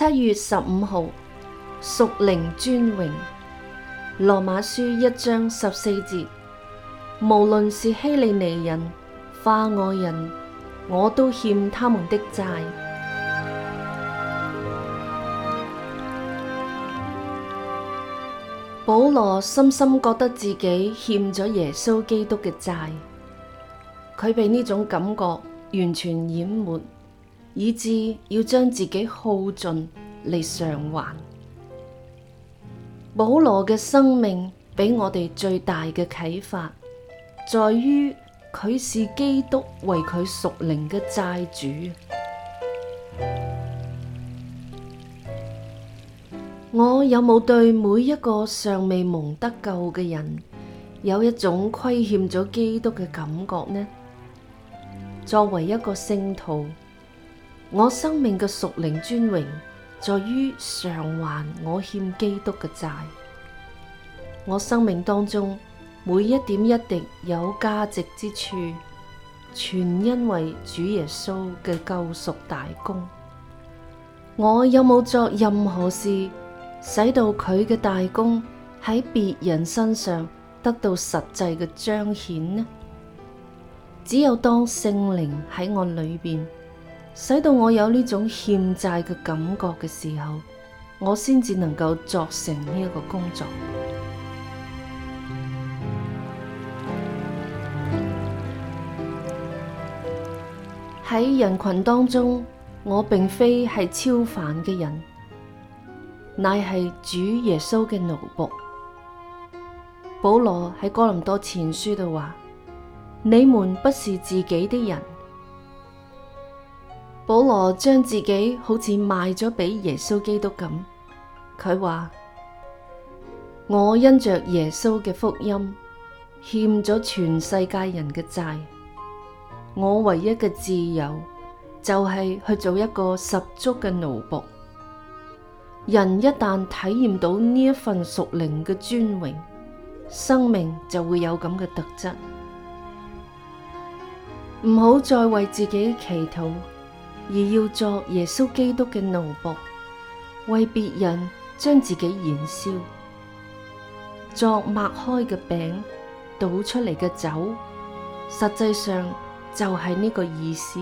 七月十五號，屬靈尊榮，羅馬書一章十四節，無論是希利尼人、化外人，我都欠他們的債。保羅深深覺得自己欠咗耶穌基督嘅債，佢被呢種感覺完全淹沒。以至要將自己耗盡嚟償還。保羅嘅生命畀我哋最大嘅啟發，在於佢視基督為佢屬靈嘅債主。我有冇對每一個尚未蒙得救嘅人有一種虧欠咗基督嘅感覺呢？作為一個聖徒。我生命嘅屬靈尊榮，在於償還我欠基督嘅債。我生命當中每一點一滴有價值之處，全因為主耶穌嘅救贖大功。我有冇做任何事使到佢嘅大功喺別人身上得到實際嘅彰顯呢？只有當聖靈喺我裏面。使到我有呢種欠債嘅感覺嘅時候，我先至能夠作成呢一個工作。喺 人群當中，我並非係超凡嘅人，乃係主耶穌嘅奴僕。保羅喺哥林多前書度話：你們不是自己的人。保羅將自己好似賣咗俾耶穌基督咁，佢話：我因着耶穌嘅福音欠咗全世界人嘅債，我唯一嘅自由就係去做一個十足嘅奴僕。人一旦體驗到呢份屬靈嘅尊榮，生命就會有咁嘅特質。唔好再為自己祈禱。而要做耶穌基督嘅奴僕，為別人將自己燃燒，作擘開嘅餅，倒出嚟嘅酒，實際上就係呢個意思。